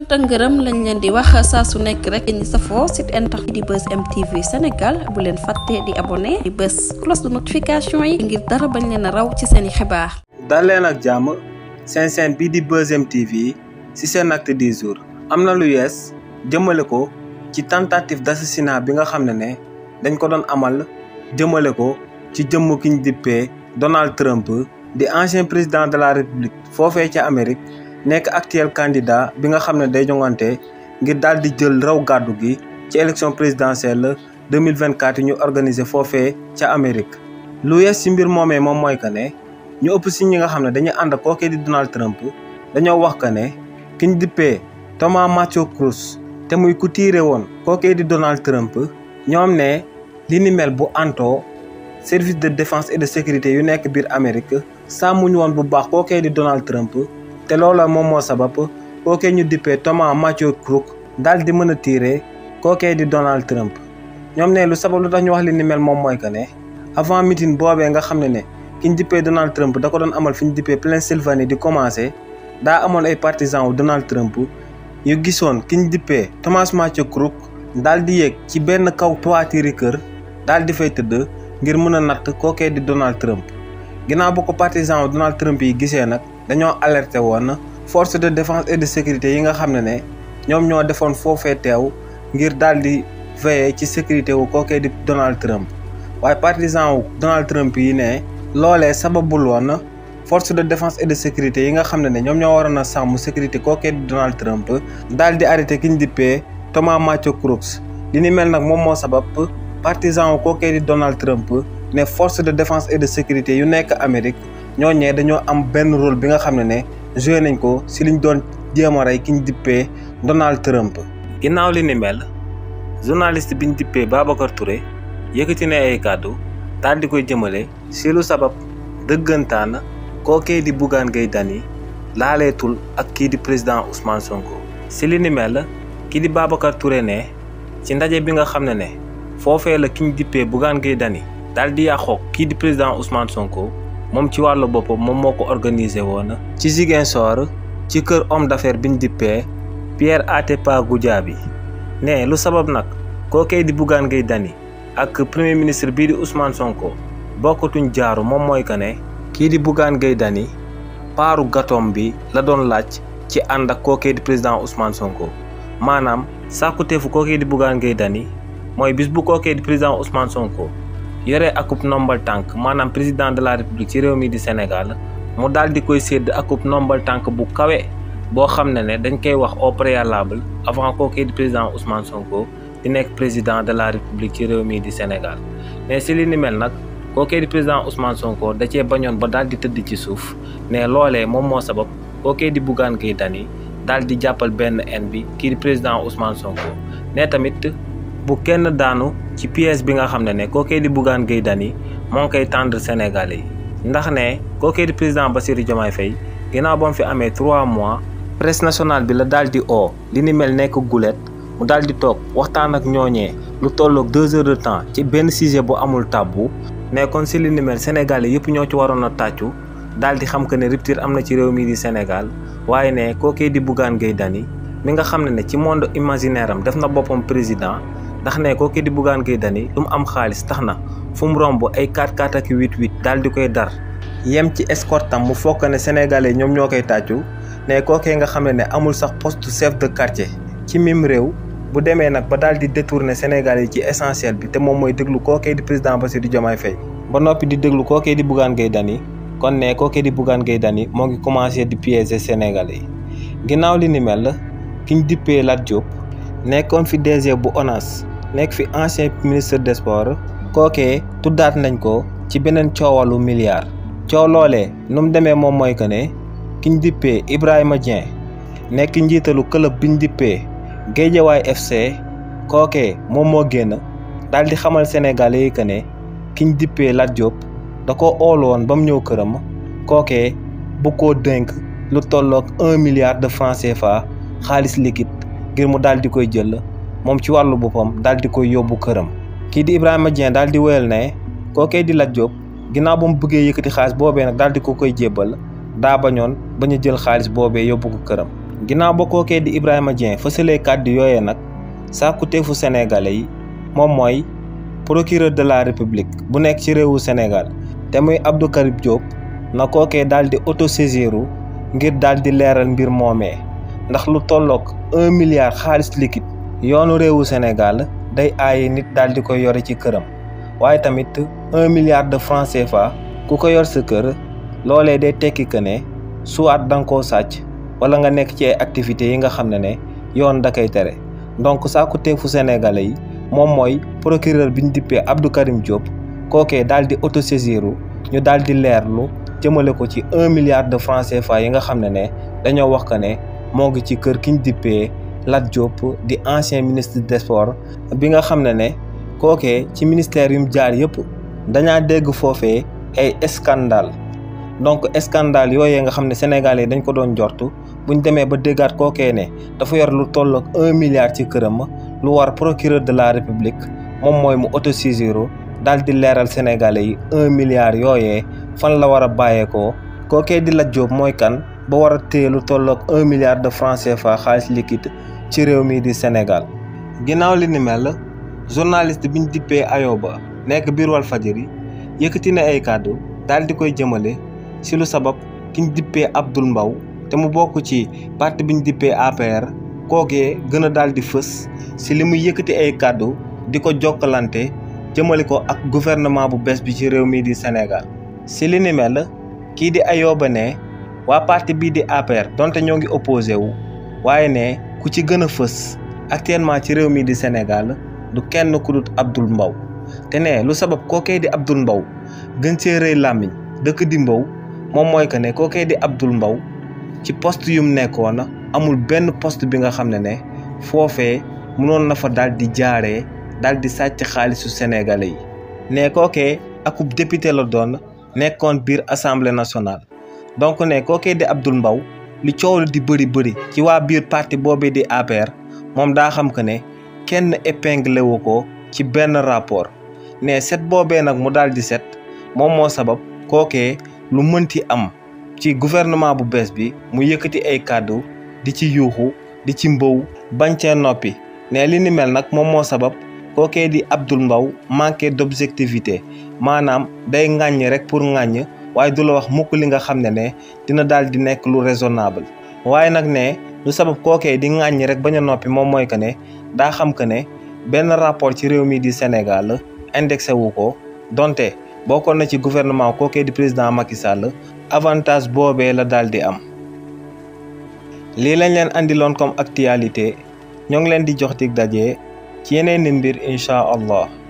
sant ngërëm lañ leen di wax saa su nekk rek di safoo site internet di bës MTV Sénégal bu leen fàtte di abonné di bës cloche de notification yi ngir dara bañ leen a raw ci seen i xibaar. dal leen ak jàmm seen seen bii di bës MTV ci seen acte du jour am na lu yees jëmale ko ci tentative d'assassinat bi nga xam ne ne dañ ko doon amal jëmale ko ci jëmm ki ñu dippee Donald Trump di ancien président de la République foofee ca Amérique. Nek actuel candidat bi nga xamne day jongante ngir dal di jël raw gaddu gi ci élection présidentielle 2024 ñu organiser fofé ci Amérique. lu yees ci mbir momé mom moy kané ñu upp ci nga xamne dañuy and ak di Donald Trump dañu wax kané kiñ dippé Thomas Matthew Cruz té muy ku tiire di Donald Trump ñom né li ni mel bu anto service de défense et de sécurité yu nek bir Amérique sàmmuñu won bu baax kookee di Donald Trump te loola moom moo sabab kookee ñu dippee Thomas Matthew Crook daal di mën a tiire kookee di Donald Trump ñoom ne lu sabab lu tax ñu wax li ni mel moom mooy que ne avant meeting boobee nga xam ne ne ki ñu dippee Donald Trump da ko doon amal fi ñu dippee Pennsylvanie di commencé daa amoon ay partisans wu Donald Trump yu gisoon ki ñu dippee Thomas Matthew Crook daal di yéeg ci benn kaw toitiri kër daal di fay tëdd ngir mën a natt kookee di Donald Trump ginnaaw bu ko partisan wu Donald Trump gisee nag. dañoo alerté woon force de défense et de sécurité yi nga xam ne ne ñoom ñoo defoon foofee ngir daal di veiller ci sécurité wu kookee di Donald Trump waaye partisan wu Donald Trump yi ne loolee sababul woon force de défense et de sécurité yi nga xam ne ne ñoom ñoo waroon a sàmm sécurité kookee di Donald Trump daal di arrêté ki ñu dippee Thomas Matthew Crooks dini mel nag moom moo sabab partisan wu kookee di Donald Trump ne force de défense et de sécurité yu nekk Amérique ñooñee dañoo am benn rôle bi nga xam ne ne joué nañ ko si liñ doon jéem a ki ñu dippee Donald Trump. ginnaaw li ni mel journaliste biñ dippee Babacar Touré yëkkati ne ay kàddu daal di koy jëmale si lu sabab dëggantaan kookee di Bougane Gueye dani laaleetul ak kii di président Ousmane Sonko. si li ni mel kii di Babacar Touré ne ci ndaje bi nga xam ne ne foofee la kiñ ñu dippee Bougane Gueye Dany daal di yàqoo kii di président Ousmane Sonko. moom ci wàllu boppam moom moo ko organisé woon ci Ziguinchor ci kër homme d'affaires biñ dippee Pierre Atepa Goudiaby ne lu sabab nag kookee di Bougane Gueye dani ak premier ministre bii di Ousmane Sonko bokkatuñ jaaru moom mooy que ne kii di Bougane Gueye dani paaru gatoom bi la doon laaj ci ànd ak kookee di président Ousmane Sonko maanaam sàkkuteefu kookee di Bougane Gueye dani mooy bis bu kookee di président Ousmane Sonko yore akub nombal tànk maanaam président de la république ci réew mi di Sénégal mu daal di koy sédd akub nombal tànk bu kawe boo xam ne ne dañ koy wax au préalable avant kooku di président Ousmane Sonko di nekk président de la république ci réew mii di Sénégal mais si li ni mel nag kooku di président Ousmane Sonko da cee bañoon ba daal di tëdd ci suuf ne loolee moom moo sabab kooku di Bougane Gueye Dany daal di jàppal benn en bi kii président Ousmane Sonko bu kenn daanu ci pièce bi nga xam ne ne kookee di Bougane Gueye Dany moo ngi koy tendre sénégal yi ndax ne kookee di président Bassirou Diomaye Faye ginnaaw ba mu fi amee trois mois presse nationale bi la daal di oo li ni mel nekk gulet mu daal di toog waxtaan ak ñooñee lu tolloog deux de temps ci benn sujet bu amul tàbbu mais kon si li ni mel Sénégalais yëpp ñoo ci waroon a tàccu daal di xam que ne rupture am na ci réew mii di Sénégal waaye ne kookee di Bougane Gueye Dany mi nga xam ne ne ci monde imaginaire am def na boppam président ndax ne ko ki di bugan ki dani lu am xaalis taxna fum rombo ay 4-4 ak 8-8 dal di koy dar yem ci escorte tam mu fokk ne sénégalais ñom ñokay taccu ne ko ke nga xam ne amul sax poste chef de quartier ci mim rew bu démé nak ba dal di détourner sénégalais ci essentiel bi té mom moy déglu ko ke di président Bassirou Diomaye fay ba nopi di déglu ko ke di bugan gay dani kon ne ko ke di bugan gay dani mo ngi commencer di piéger sénégalais ginaaw li ni mel kiñ dippé Lat Diop nekkon fi désir bu honnête nekk fi ancien ministre des sports kookee tuddaat nañ ko ci beneen coowalu milliard coow loolee nu mu demee moom mooy que ne kiñ dippee Ibrahima Dieng nekk njiitalu club biñ dippee Guédiawaye FC kookee moom moo génn daal di xamal Sénégalais yi que ne kiñ dippee Lat Diop da ko oolu woon ba mu ñëw këram kookee bu ko dénk lu tolloog un milliard de francs CFA xaalis liquide ngir mu daal di koy jël moom ci wàllu boppam daal di koy yóbbu këram kii di Ibrahima Dieng daal di woyal ne kookee di Lat Diop ginnaaw ba mu bëggee yëkkati xaalis boobee nag daal di ko koy jébbal daa bañoon bañ a jël xaalis boobee yóbbu ko këram ginnaaw ba kookee di Ibrahima Dieng fësalee kàddu yooyee nag sàkkuteefu sénégalais yi moom mooy procureur de la république bu nekk ci réewu senegal te muy Abdou Karim na kookee daal di auto-saisiru ngir daal di leeral mbir moomee ndax lu tollook un xaalis liquide yoonu réewu Sénégal day aaye nit daal di koy yore ci këram waaye tamit un milliard de francs CFA ku ko yor sa kër loolee day tekki que ne soit da ko koo sàcc wala nga nekk ci ay activités yi nga xam ne ne yoon da koy tere donc saaku teefu sénégalais yi moom mooy procureur bi ñu dippee Abdou Karim Diop kookee daal di autosaisiru ñu daal di leerlu jëmale ko ci un milliard de francs CFA yi nga xam ne ne dañoo wax que ne moo ngi ci kër ki ñu dippee Lat Diop di ancien ministre des sports bi nga xam ne ne kookee ci ministère yum jaar yëpp dañaa dégg foofee ay scandale donc scandale yooyee nga xam ne Sénégalais dañ ko doon jortu buñ demee ba déggaat kookee ne dafa yor lu tolloog un milliard ci këram lu war procureur de la république moom mooy mu autosaisiru daal di leeral Sénégalais yi un milliard yooye fan la war a bàyyeekoo kookee di Lat Diop mooy kan ba war a téye lu un milliard de francs CFA xaalis liquide ci réew mii di Sénégal. ginnaaw li ni mel journaliste biñ dippee Ayoba nekk biir Walfadjri yëkkati na ay kàddu daal di koy jëmale si lu sabab kiñ dippee Abdoul Mbow te mu bokk ci parti biñ dippee APR kookee gën a daal di fës si li muy yëkkati ay kàddu di ko jokkalante jëmale ko ak gouvernement bu bees bi ci réew mii di Sénégal si li kii di Ayoba ne. Wa parti bide di APR donte ñoo ngi opposé wu waaye ne ku ci gën a actuellement ci réew mi di Sénégal du kenn ku dut Abdoul Mbow te ne lu sabab kookee di Abdoul Mbow gën cee rëy làmmiñ dëkk di Mbow moom mooy ne kookee di Abdoul Mbow ci poste yum nekkoon amul benn poste bi nga xam ne ne foofee na fa daal di jaaree daal di sàcc xaalisu sénégalais yi ne kookee akub député la doon nekkoon biir assemblée nationale donc ne kookee di Abdoul mbaw li coow di bëri bëri ci waa biir parti boobee di APR moom daa xam que ne kenn épinglé wu ko ci benn rapport ne set boobee nag mu daal di set moom moo sabab kookee lu mënti am ci gouvernement bu bees bi mu yëkkati ay kàddu di ci yuuxu di ci mbow bañ cee noppi ne li ni mel nag moom moo sabab kookee di Abdoul mbaw manqué d'objectivité maanaam day ŋàññ rek pour ŋàññ waaye du la wax mukk li nga xam ne ne dina daal di nekk lu raisonnable waaye nag ne lu sabab kookee di ŋàññi rek ba a noppi moom mooy que ne daa xam que ne benn rapport ci réew mi di Sénégal indexé wu ko donte bokkoon na ci gouvernement kookee di président Macky Sall avantage boobee la daal di am. lii lañ leen indiloon comme actualité ñoo ngi leen di jox dig daje ci yeneen i mbir incha allah.